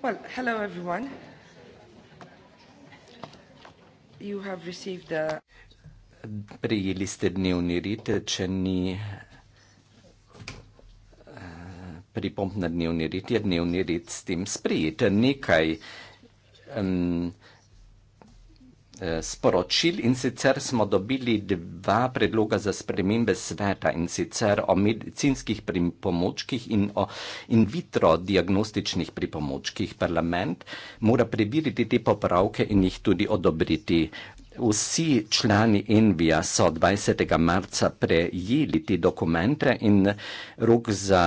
Well, hello everyone. You have received a... Prijeli ste dnevni rit, če ni eh, pripomp na dnevni rit, je dnevni rit s tem sprijet. Nekaj um, sporočil in sicer smo dobili dva predloga za spremembe sveta in sicer o medicinskih pripomočkih in o in vitro diagnostičnih pripomočkih. Parlament mora prebiriti te popravke in jih tudi odobriti. Vsi člani Envija so 20. marca prejeli te dokumente in rok za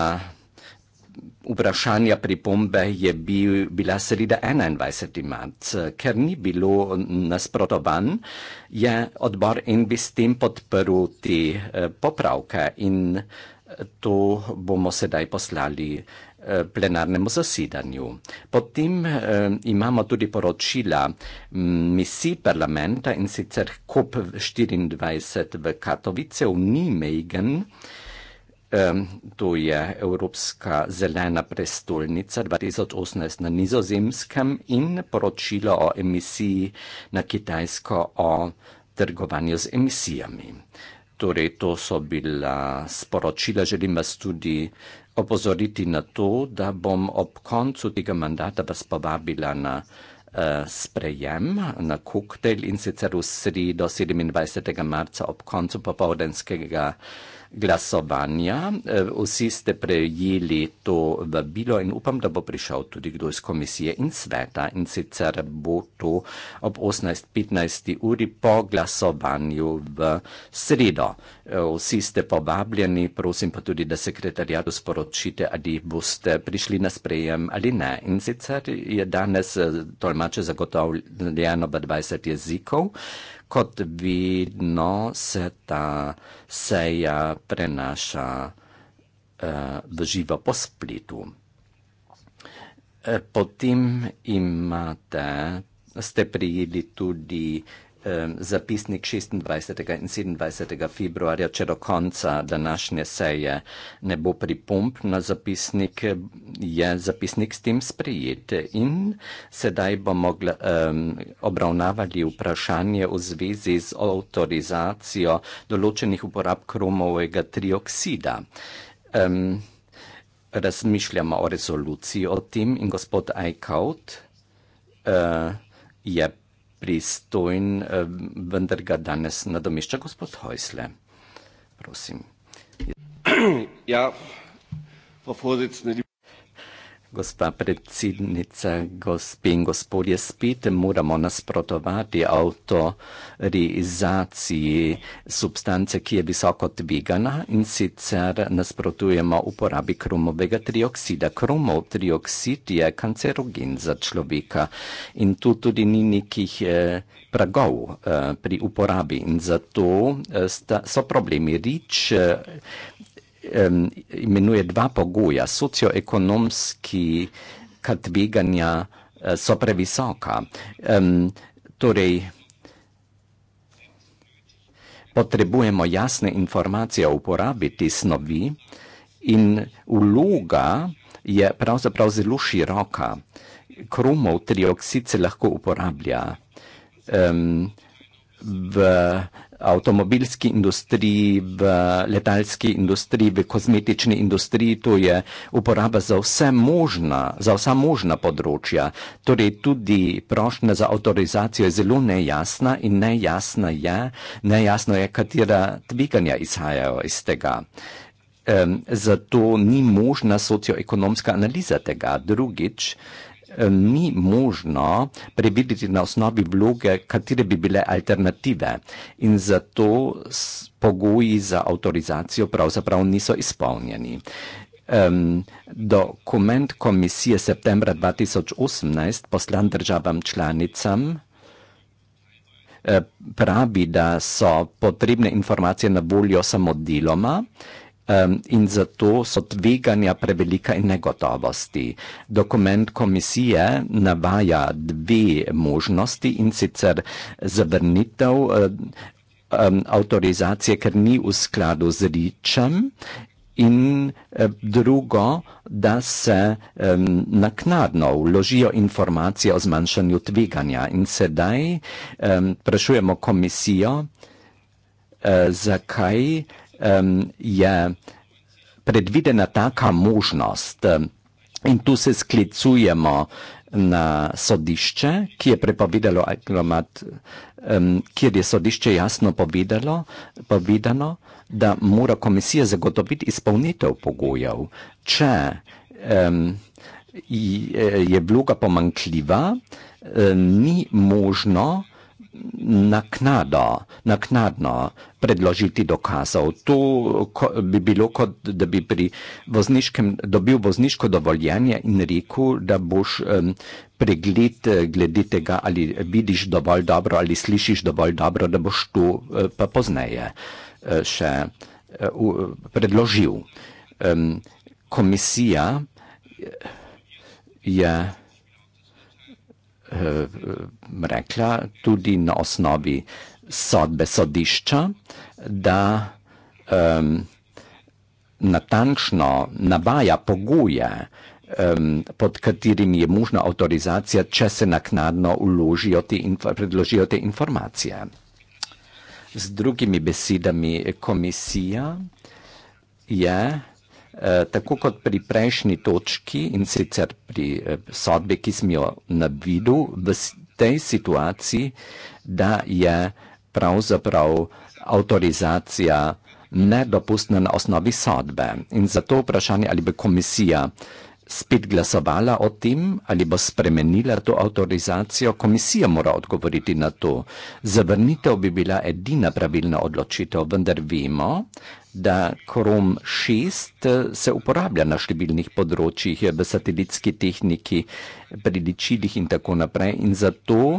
vprašanja, pripombe je bil, bila sredo 21. marc, ker ni bilo nasprotovan, je odbor in bi s tem podprl te eh, popravke in eh, to bomo sedaj poslali eh, plenarnemu zasedanju. Potem eh, imamo tudi poročila mm, misij parlamenta in sicer COP24 v Katovice v Nimejgen. Eh, To je Evropska zelena prestolnica 2018 na nizozemskem in poročilo o emisiji na Kitajsko o trgovanju z emisijami. Torej, to so bila sporočila. Želim vas tudi opozoriti na to, da bom ob koncu tega mandata vas povabila na eh, sprejem na koktejl in sicer v sredo 27. marca ob koncu popovdenskega glasovanja. E, vsi ste prejeli to vabilo in upam, da bo prišel tudi kdo iz komisije in sveta in sicer bo to ob 18.15 uri po glasovanju v sredo. E, vsi ste povabljeni, prosim pa tudi, da sekretarjatu sporočite, ali boste prišli na sprejem ali ne. In sicer je danes e, tolmače zagotovljeno v 20 jezikov kot vidno, se ta seja prenaša eh, v živo po splitu. Eh, potem imate, ste prijeli tudi eh, zapisnik 26. in 27. februarja, če do konca današnje seje ne bo pripomp na zapisnik, je zapisnik s tem sprejet. In sedaj bomo gl, eh, obravnavali vprašanje v zvezi z avtorizacijo določenih uporab kromovega trioksida. Um, razmišljamo o rezoluciji o tem in gospod Eichhout uh, je pristojen, eh, vendar ga danes nadomešča gospod Hojsle. Prosim. Ja, pa hoditi ne bi. Gospa predsednica, gospe in gospodje, spet moramo nasprotovati avtorizaciji substance, ki je visoko tvegana in sicer nasprotujemo uporabi kromovega trioksida. Kromov trioksid je kancerogen za človeka in tu tudi ni nekih eh, pragov eh, pri uporabi in zato eh, so problemi rič um, imenuje dva pogoja. Socioekonomski kad tveganja uh, eh, so previsoka. Um, torej, potrebujemo jasne informacije o uporabi te snovi in vloga je pravzaprav zelo široka. Kromov trioksid se lahko uporablja. Um, v avtomobilski industriji, v letalski industriji, v kozmetični industriji, to je uporaba za, možna, za vsa možna področja. Torej tudi prošnja za avtorizacijo je zelo nejasna in nejasna je, nejasno je, katera tveganja izhajajo iz tega. Um, zato ni možna socioekonomska analiza tega. Drugič, Eh, ni možno prebiti na osnovi vloge, katere bi bile alternative. In zato pogoji za avtorizacijo pravzaprav niso izpolnjeni. Um, dokument komisije septembra 2018 poslan državam članicam eh, pravi, da so potrebne informacije na voljo samo deloma, uh, um, in zato so tveganja prevelika in negotovosti. Dokument komisije navaja dve možnosti in sicer zavrnitev um, avtorizacije, ker ni v skladu z ričem. In eh, drugo, da se um, naknadno vložijo informacije o zmanjšanju tveganja. In sedaj um, prešujemo komisijo, uh, zakaj uh, um, je predvidena taka možnost in tu se sklicujemo na sodišče, ki je prepovedalo aglomat, um, kjer je sodišče jasno povedalo, povedano, da mora komisija zagotoviti izpolnitev pogojev. Če um, je vloga pomankljiva, um, ni možno, naknado, naknadno predložiti dokazov. To ko, bi bilo kot, da bi pri vozniškem, dobil vozniško dovoljenje in rekel, da boš um, pregled eh, glede tega, ali vidiš dovolj dobro ali slišiš dovolj dobro, da boš to uh, pa pozneje uh, še uh, uh, predložil. Um, komisija je. Uh, eh, rekla tudi na osnovi sodbe sodišča, da eh, natančno navaja pogoje, eh, pod katerimi je možna avtorizacija, če se naknadno uložijo te, inf predložijo te informacije. Z drugimi besedami, komisija je Eh, tako kot pri prejšnji točki in sicer pri eh, sodbi, ki smo jo navidu v tej situaciji, da je pravzaprav avtorizacija nedopustna na osnovi sodbe. In zato vprašanje, ali bi komisija spet glasovala o tem, ali bo spremenila to avtorizacijo, komisija mora odgovoriti na to. Zavrnitev bi bila edina pravilna odločitev, vendar vemo, da Chrome 6 eh, se uporablja na številnih področjih, eh, v satelitski tehniki, pri ličilih in tako naprej. In zato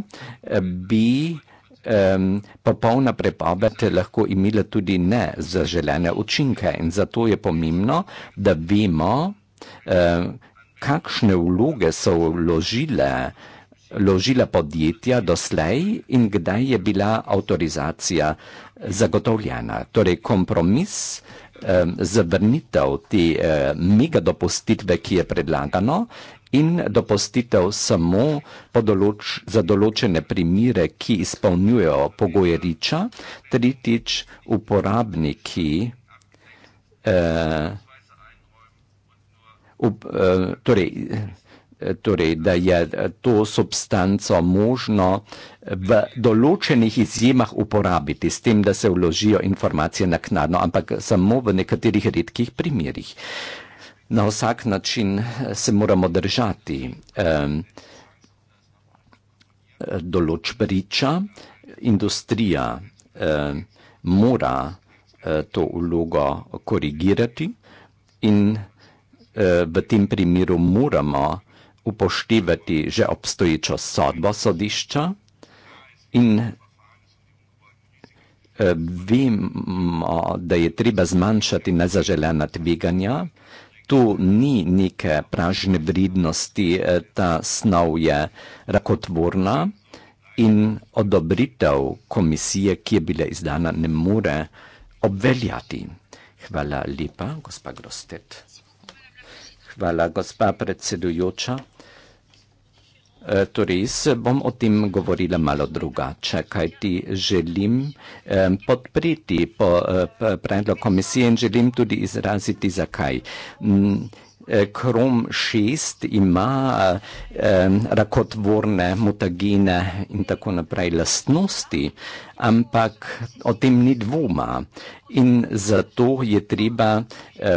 eh, bi um, popolna prepoved lahko imela tudi ne zaželene učinke. In zato je pomembno, da vemo, um, kakšne vloge so vložile uh, ložila podjetja doslej in kdaj je bila avtorizacija zagotovljena. Torej kompromis, zavrnitev te mega dopustitve, ki je predlagano in dopustitev samo določ, za določene primire, ki izpolnjujejo pogoje riča, tretjič uporabniki. Eh, Uh, torej, torej, da je eh, to substanco možno eh, v določenih izjemah uporabiti, s tem, da se vložijo informacije naknadno, ampak samo v nekaterih redkih primerjih. Na vsak način eh, se moramo držati eh, določ priča, industrija eh, mora eh, to vlogo korigirati in eh, v tem primeru moramo eh, upoštevati že obstoječo sodbo sodišča in e, vemo, da je treba zmanjšati nezaželena tveganja. Tu ni neke pražne vrednosti, e, ta snov je rakotvorna in odobritev komisije, ki je bila izdana, ne more obveljati. Hvala lepa, gospa Grostet. Hvala, gospa predsedujoča. Eh, torej, bom o tem govorila malo drugače, kaj ti želim eh, podpreti po eh, predlog komisije in želim tudi izraziti, zakaj. Mm, Eh, Krom 6 ima eh, rakotvorne mutagene in tako naprej lastnosti, ampak o tem ni dvoma in zato je treba eh,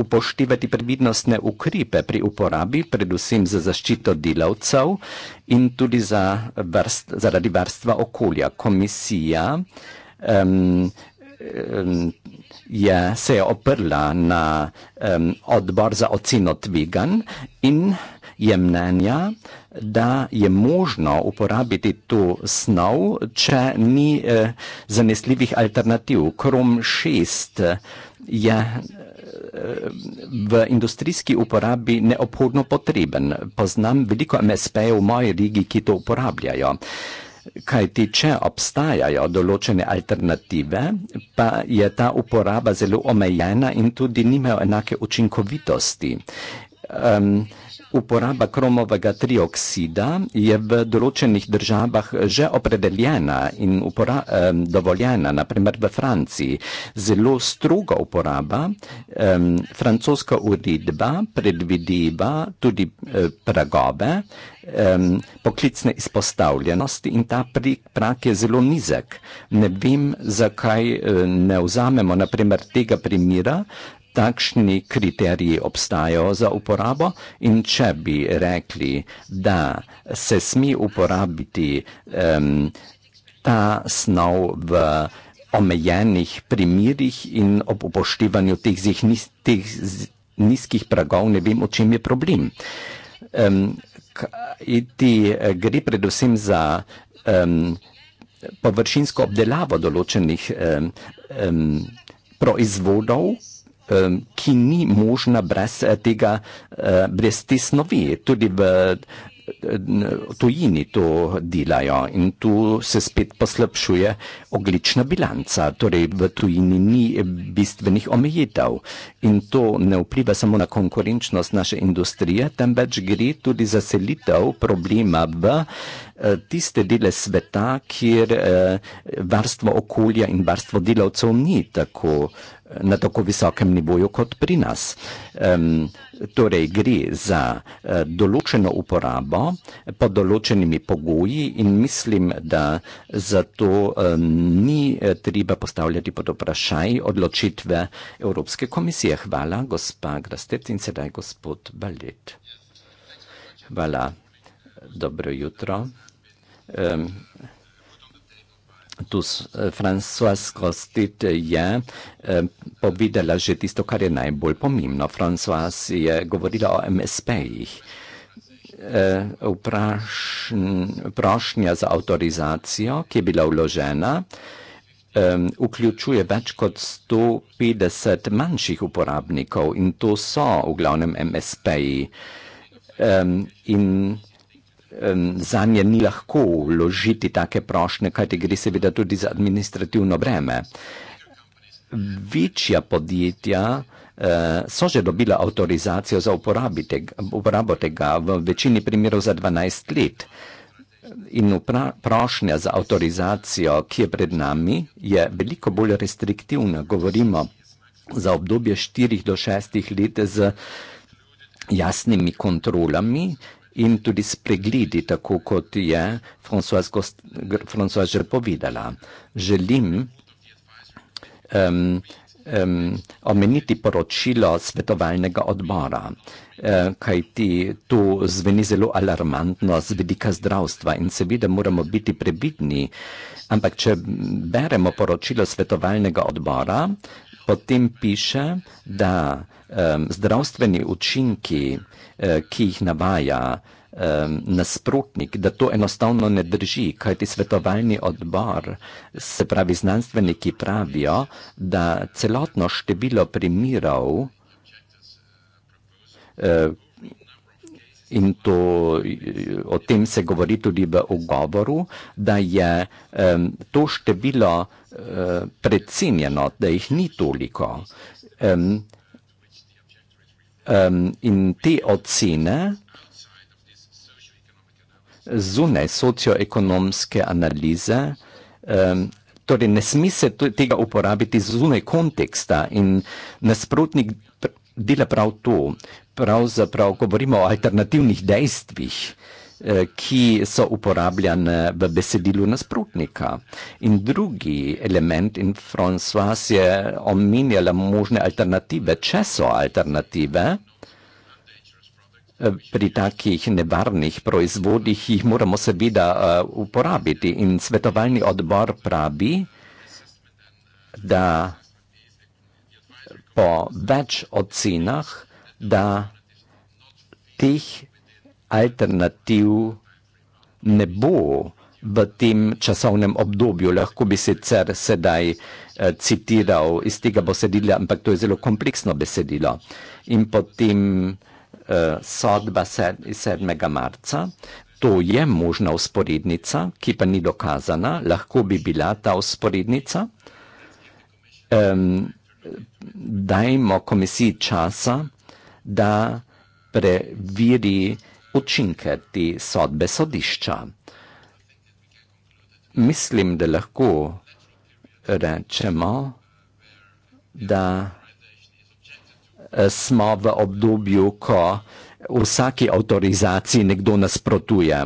upoštevati previdnostne ukripe pri uporabi, predvsem za zaščito delavcev in tudi za vrst, zaradi varstva okolja. Komisija eh, je se oprla na um, odbor za oceno tvigan in je mnenja, da je možno uporabiti to snov, če ni eh, zanesljivih alternativ. Krom 6 je eh, v industrijski uporabi neobhodno potreben. Poznam veliko MSP-jev v moji regiji, ki to uporabljajo. Eh, Kaj ti, če obstajajo določene alternative, pa je ta uporaba zelo omejena in tudi nimajo enake učinkovitosti. Um, Uporaba kromovega trioksida je v določenih državah že opredeljena in dovoljena, naprimer v Franciji. Zelo strogo uporaba, um, francoska uredba predvidiva tudi uh, e, pragove, um, poklicne izpostavljenosti in ta prak je zelo nizek. Ne vem, zakaj uh, ne vzamemo naprimer tega primira, uh, takšni kriteriji obstajajo za uporabo in če bi rekli, da se smi uporabiti um, ta snov v omejenih primirih in ob upoštevanju teh, zih, niz, teh z, nizkih pragov, ne vem, o čem je problem. Um, Iti eh, gre predvsem za um, površinsko obdelavo določenih um, um, proizvodov, Ehm, ki ni možna brez, eh, tega, eh, brez te snovi. Tudi eh, v tujini to delajo in tu se spet poslabšuje oglična bilanca, torej v tujini ni bistvenih omejitev in to ne vpliva samo na konkurenčnost naše industrije, temveč gre tudi za selitev problema v uh, Eh, tiste dele sveta, kjer eh, varstvo okolja in varstvo delavcev ni tako, eh, na tako visokem nivoju kot pri nas. Torej gre za določeno uporabo pod določenimi pogoji in mislim, da zato ni treba postavljati pod vprašaj odločitve Evropske komisije. Hvala, gospa Grastet in sedaj gospod Balet. Hvala. Dobro jutro. Euh, Tus euh, François Costit je ja. euh, povedala že tisto, kar je najbolj pomembno. François je govorila o MSP-jih. Eh, prošnja za avtorizacijo, ki je bila vložena, eh, vključuje več kot 150 manjših uporabnikov in to so v glavnem MSP-ji. Eh, in tudi, za nje ni lahko vložiti take prošnje, kajte gre seveda tudi za administrativno breme. Večja podjetja eh, so že dobila avtorizacijo za uporabo tega v večini primerov za 12 let. In prošnja za avtorizacijo, ki je pred nami, je veliko bolj restriktivna. Govorimo za obdobje 4 do 6 let z jasnimi kontrolami in tudi spregledi, tako kot je Françoise že povedala. Želim um, um, omeniti poročilo svetovalnega odbora, uh, eh, kaj ti to zveni zelo alarmantno z vidika zdravstva in seveda moramo biti prebitni, ampak če beremo poročilo svetovalnega odbora, potem piše, da um, zdravstveni učinki, uh, ki jih navaja um, nasprotnik, da to enostavno ne drži, kajti svetovalni odbor, se pravi znanstveniki pravijo, da celotno število primirov eh, In to, o tem se govori tudi v ugovoru, da je to število eh, predcenjeno, da jih ni toliko um, in te ocene zunaj socioekonomske analize, um, torej ne sme se tega uporabiti zunaj konteksta in nasprotnik dela prav to, pravzaprav govorimo o alternativnih dejstvih. Eh, ki so uporabljane v besedilu nasprotnika. In drugi element, in François je omenjala možne alternative, če so alternative, eh, pri takih nevarnih proizvodih jih moramo seveda eh, uporabiti. In svetovalni odbor pravi, da po več ocenah, da teh alternativ ne bo v tem časovnem obdobju. Lahko bi sicer sedaj eh, citiral iz tega besedila, ampak to je zelo kompleksno besedilo. In potem uh, sodba 7. marca, to je možna usporednica, ki pa ni dokazana, lahko bi bila ta usporednica. Um, dajmo komisiji časa, da preveri, učinke te sodbe sodišča. Mislim, da lahko rečemo, da eh, smo v obdobju, ko vsaki avtorizaciji nekdo nasprotuje.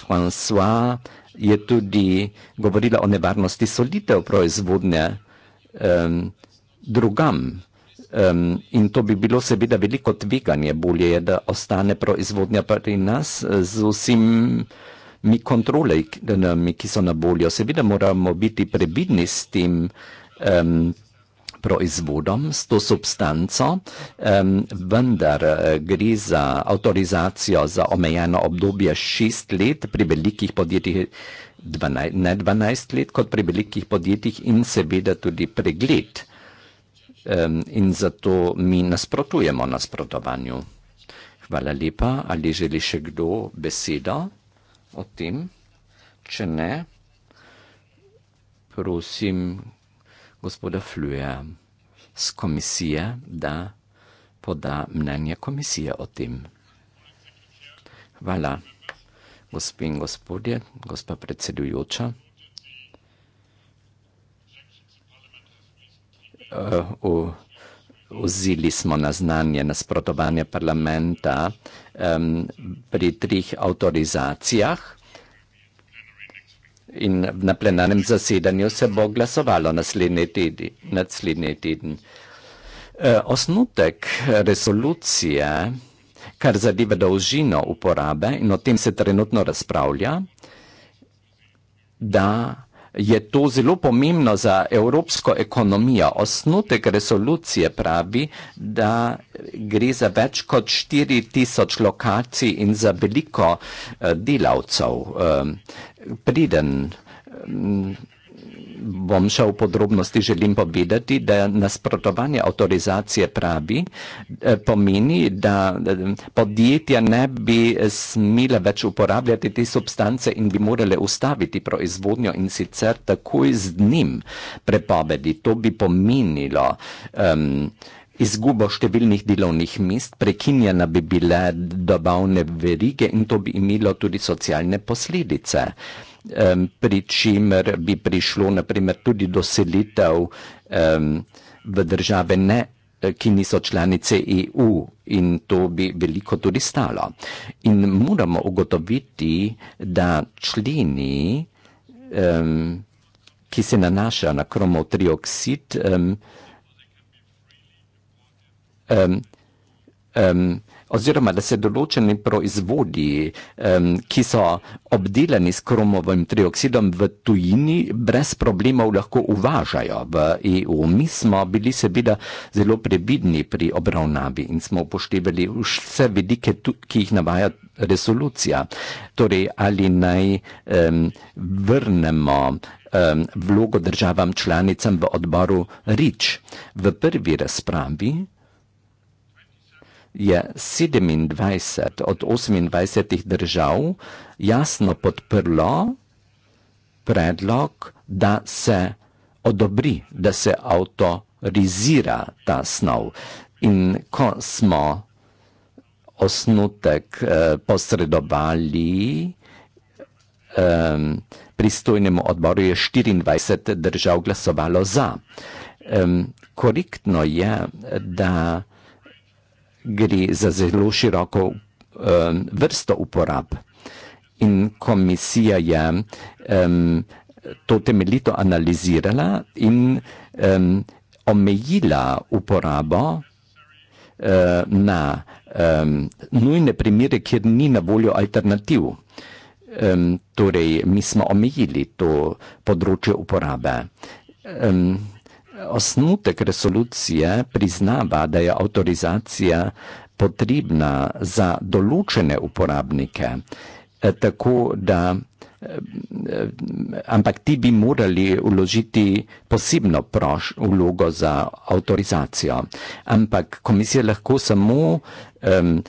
François je tudi govorila o nevarnosti solitev proizvodnje um, drugam. Um, in to bi bilo seveda veliko tveganje, bolje je, da ostane proizvodnja pri nas eh, z vsem. Mi kontrolejmo, ki so na voljo. Seveda moramo biti previdni s tem um, proizvodom, s to substanco, um, vendar eh, gre za avtorizacijo za omejeno obdobje 6 let, pri velikih podjetjih 12, ne 12 let, kot pri velikih podjetjih, in seveda tudi pregled um, in zato mi nasprotujemo nasprotovanju. Hvala lepa. Ali želi še kdo besedo o tem? Če ne, prosim gospoda Fluja z komisije, da poda mnenje komisije o tem. Hvala, gospod in gospodje, gospa predsedujoča. Eh, vzeli smo na znanje nasprotovanje parlamenta um, pri trih avtorizacijah in na plenarnem zasedanju se bo glasovalo naslednji teden. Naslednji eh, teden. Osnutek resolucije, kar zadeva dolžino uporabe, in o tem se trenutno razpravlja, da je to zelo pomembno za evropsko ekonomijo. Osnutek resolucije pravi, da gre za več kot 4000 lokacij in za veliko eh, delavcev. Eh, preden mm, bom šel v podrobnosti, želim povedati, da nasprotovanje avtorizacije pravi, eh, pomeni, da eh, podjetja ne bi smile več uporabljati te substance in bi morale ustaviti proizvodnjo in sicer takoj z njim prepovedi. To bi pomenilo. Um, Izgubo številnih delovnih mest, prekinjena bi bile dobavne verige in to bi imelo tudi socialne posledice. Um, um, pri čemer bi prišlo naprimer tudi do selitev um, v države ne eh, ki niso članice EU in to bi veliko tudi stalo. In moramo ugotoviti, da členi, um, ki se nanaša na kromotrioksid, um, um, um, oziroma da se določeni proizvodi, um, ki so obdelani s kromovim trioksidom v tujini, brez problemov lahko uvažajo v EU. Mi smo bili seveda zelo prebidni pri obravnavi in smo upoštevali vse vidike, ki jih navaja resolucija. Torej, ali naj um, vrnemo um, vlogo državam članicam v odboru REACH v prvi razpravi je 27 od 28 držav jasno podprlo predlog, da se odobri, da se autorizira ta snov. In ko smo osnutek eh, posredovali eh, pristojnemu odboru, je 24 držav glasovalo za. Eh, korektno je, da gre za zelo široko um, vrsto uporab. In komisija je um, to temeljito analizirala in um, omejila uporabo uh, na um, nujne primere, kjer ni na voljo alternativ. Um, torej, mi smo omejili to področje uporabe. Um, osnutek resolucije priznava, da je avtorizacija potrebna za določene uporabnike, eh, tako da, eh, ampak ti bi morali uložiti posebno proš vlogo za avtorizacijo. Ampak komisija lahko samo um,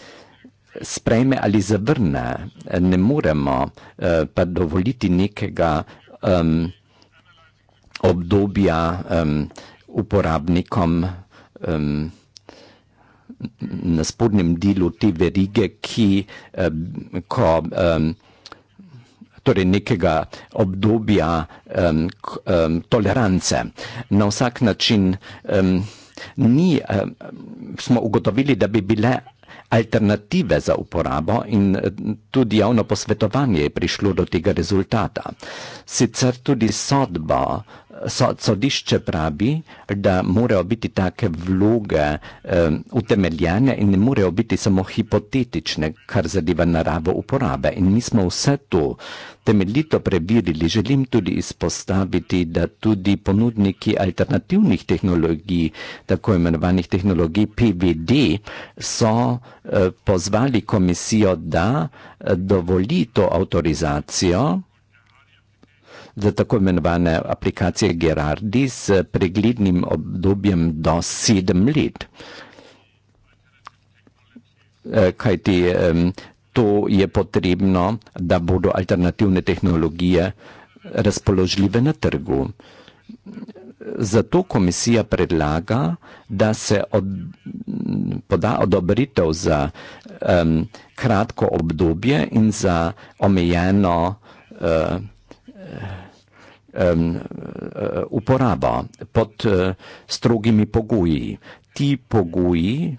sprejme ali zavrne, ne moremo uh, pa dovoliti nekega um, obdobja um, uporabnikom um, na spodnjem delu te verige, ki um, ko, um, torej nekega obdobja um, k, um, tolerance. Na vsak način um, ni, um, smo ugotovili, da bi bile alternative za uporabo in e, tudi javno posvetovanje je prišlo do tega rezultata. Sicer tudi sodba so, sodišče pravi, da morajo biti take vloge um, utemeljene in ne morejo biti samo hipotetične, kar zadeva naravo uporabe. In mi smo vse to temeljito preverili. Želim tudi izpostaviti, da tudi ponudniki alternativnih tehnologij, tako imenovanih tehnologij PVD, so uh, pozvali komisijo, da uh, dovoli to avtorizacijo za tako imenovane aplikacije Gerardi s preglednim obdobjem do sedem let. Eh, Kaj ti to je potrebno, da bodo alternativne tehnologije razpoložljive na trgu. Zato komisija predlaga, da se od, poda odobritev za um, kratko obdobje in za omejeno uh, Eh, uporaba pod eh, strogimi pogoji. Ti pogoji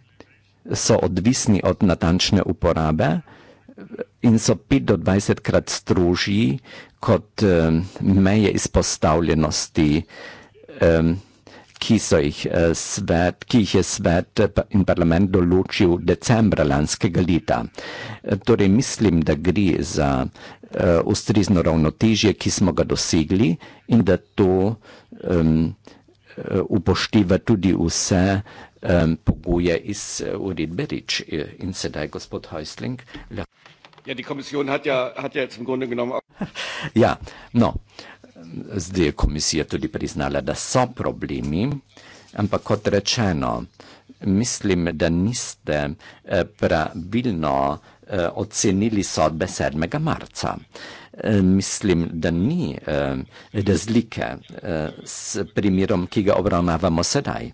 so odvisni od natančne uporabe eh, in so 5 do 20 krat strožji kot meje izpostavljenosti ki, jih, eh, svet, ki jih je svet eh, in parlament določil decembra lanskega leta. Eh, torej, mislim, da gre za eh, ustrezno ravnotežje, ki smo ga dosegli in da to eh, upošteva tudi vse eh, pogoje iz eh, uredbe Rič. In sedaj, gospod Heusling. Ja, die Kommission hat ja, hat ja jetzt im Grunde genommen auch. Ja, no zdaj je komisija tudi priznala, da so problemi, ampak kot rečeno, mislim, da niste eh, pravilno eh, ocenili sodbe 7. marca. Eh, mislim, da ni razlike s primerom, ki ga obravnavamo sedaj.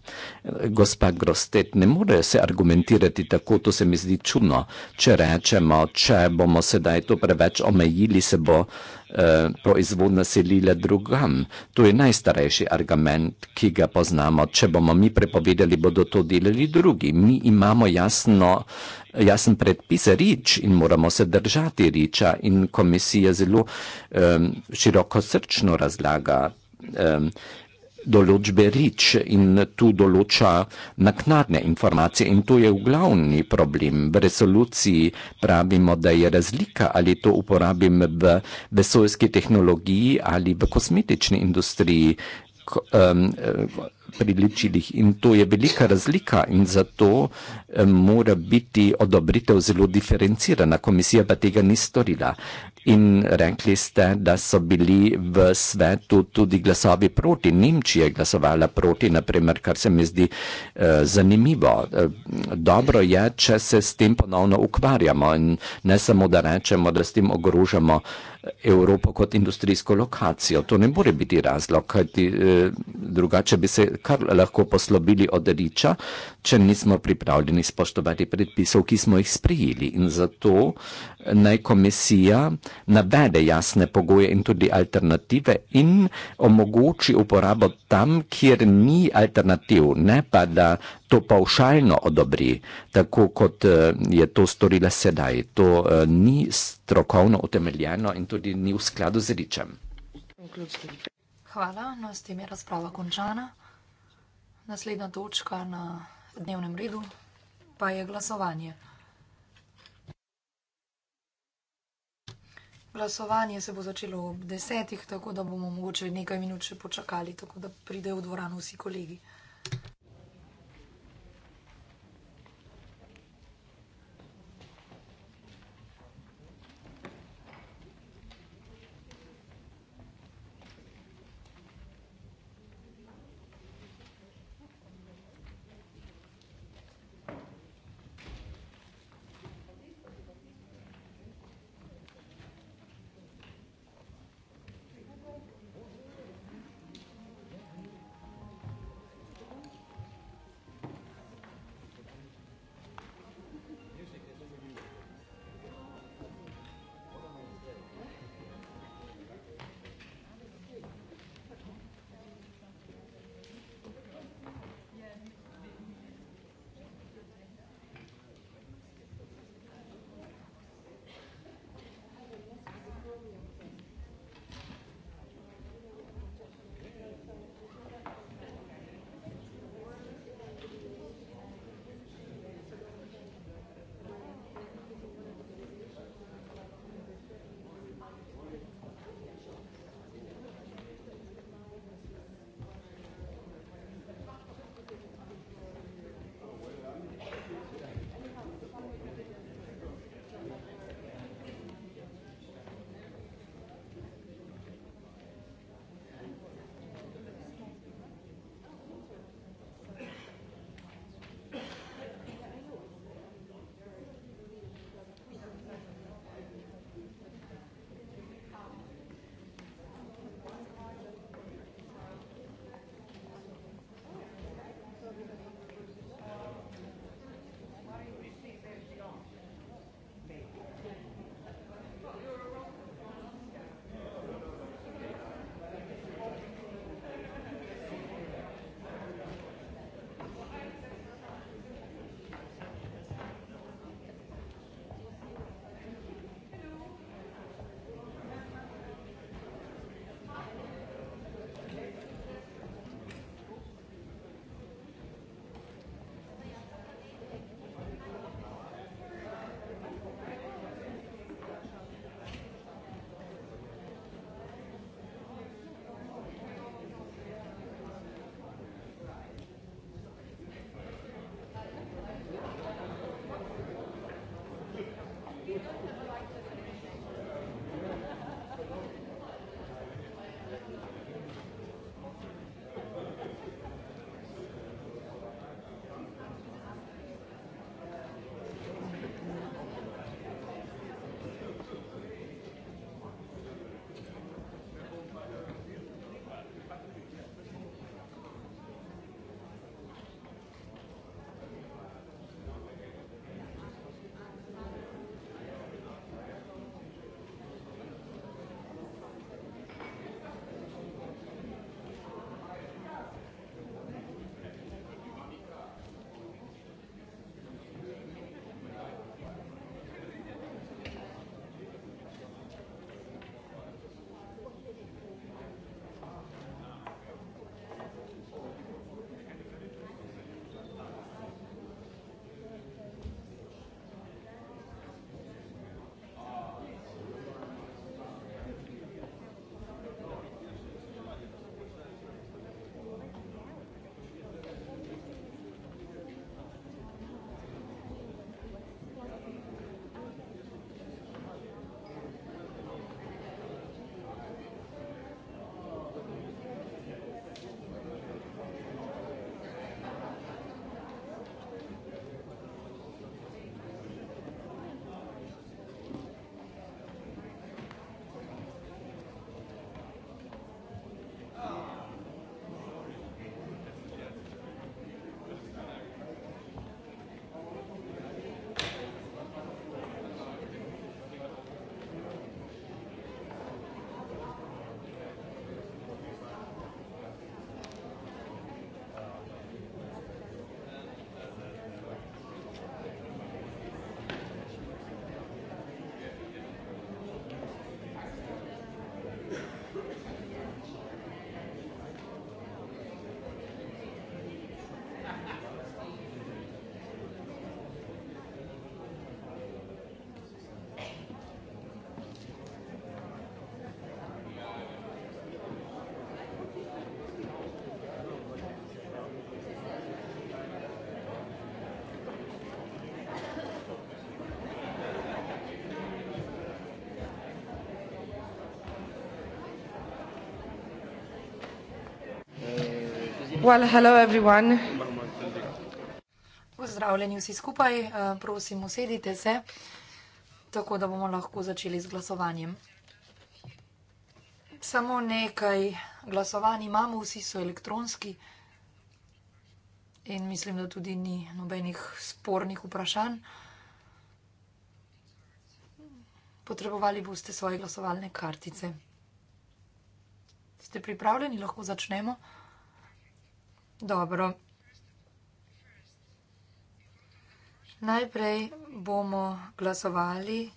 Gospa Grostet, ne more se argumentirati tako, to se mi zdi čudno, če rečemo, če bomo sedaj to preveč omejili, se bo Eh, proizvodnje selile drugam. To je najstarejši argument, ki ga poznamo. Če bomo mi prepovedali, bodo to delali drugi. Mi imamo jasno, jasen predpis rič in moramo se držati riča in komisija zelo um, eh, široko srčno razlaga. Um, določbe rič in tu določa naknadne informacije in to je glavni problem. V resoluciji pravimo, da je razlika, ali to uporabim v vesoljski tehnologiji ali v kosmetični industriji eh, priličilih in to je velika razlika in zato mora biti odobritev zelo diferencirana. Komisija pa tega ni storila. In rekli ste, da so bili v svetu tudi glasovi proti. Nemčija je glasovala proti, naprimer, kar se mi zdi eh, zanimivo. Eh, dobro je, če se s tem ponovno ukvarjamo in ne samo, da rečemo, da s tem ogrožamo eh, Evropo kot industrijsko lokacijo. To ne more biti razlog, kajti eh, drugače bi se kar lahko poslobili od riča, če nismo pripravljeni spoštovati predpisov, ki smo jih sprejeli. In zato naj komisija, navede jasne pogoje in tudi alternative in omogoči uporabo tam, kjer ni alternativ, ne pa da to paušalno odobri, tako kot eh, je to storila sedaj. To eh, ni strokovno utemeljeno in tudi ni v skladu z ričem. Hvala, no s tem je razprava končana. Naslednja točka na dnevnem redu pa je glasovanje. Glasovanje se bo začelo ob desetih, tako da bomo mogoče nekaj minut še počakali, tako da pridejo v dvorano vsi kolegi. Well, hello everyone. Pozdravljeni vsi skupaj, eh, prosim, usedite se, tako da bomo lahko začeli z glasovanjem. Samo nekaj glasovanj imamo, vsi so elektronski in mislim, da tudi ni nobenih spornih vprašanj. Potrebovali boste svoje glasovalne kartice. Ste pripravljeni, lahko začnemo. Dobro. Najprej bomo glasovali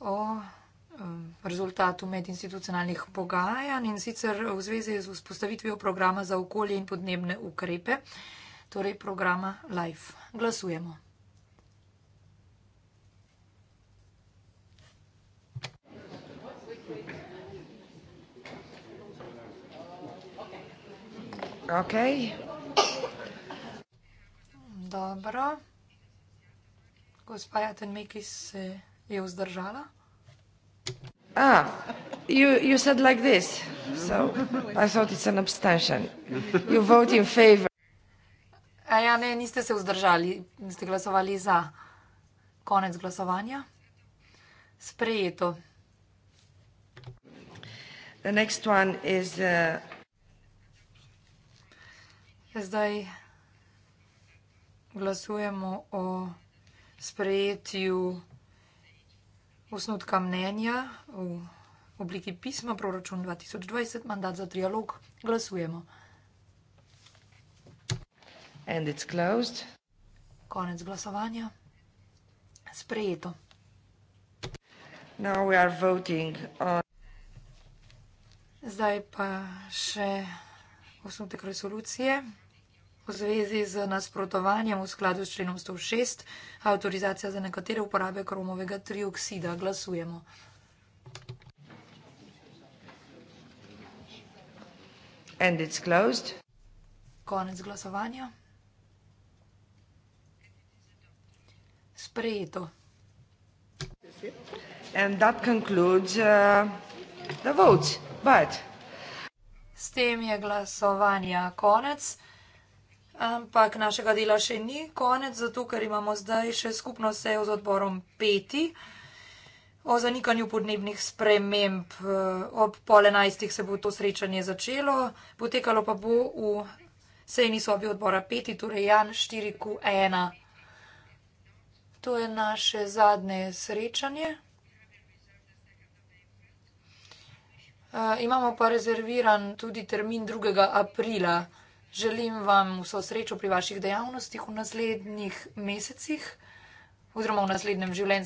o um, rezultatu medinstitucionalnih pogajanj in sicer v zvezi z vzpostavitvijo programa za okolje in podnebne ukrepe, torej programa LIFE. Glasujemo. Okej. Dobro. Gospa Jatenmeki se je vzdržala. Ah, you, you said like this. So I thought it's an abstention. You vote in favor. A ja, ne, niste se vzdržali, ste glasovali za konec glasovanja. Sprejeto. The next one is uh, Zdaj glasujemo o sprejetju osnutka mnenja v obliki pisma proračun 2020, mandat za dialog. Glasujemo. And it's closed. Konec glasovanja. Sprejeto. Now we are voting on... Zdaj pa še osnutek resolucije v zvezi z nasprotovanjem v skladu s členom 106, avtorizacija za nekatere uporabe kromovega trioksida. Glasujemo. And it's closed. Konec glasovanja. Sprejeto. And that concludes uh, the votes. But... S tem je glasovanja konec ampak našega dela še ni konec, zato ker imamo zdaj še skupno sejo z odborom peti o zanikanju podnebnih sprememb. Ob pol enajstih se bo to srečanje začelo, potekalo pa bo v sejni sobi odbora peti, torej Jan 4Q1. To je naše zadnje srečanje. Uh, imamo pa rezerviran tudi termin 2. aprila. Želim vam vso srečo pri vaših dejavnostih v naslednjih mesecih oziroma v naslednjem življenju.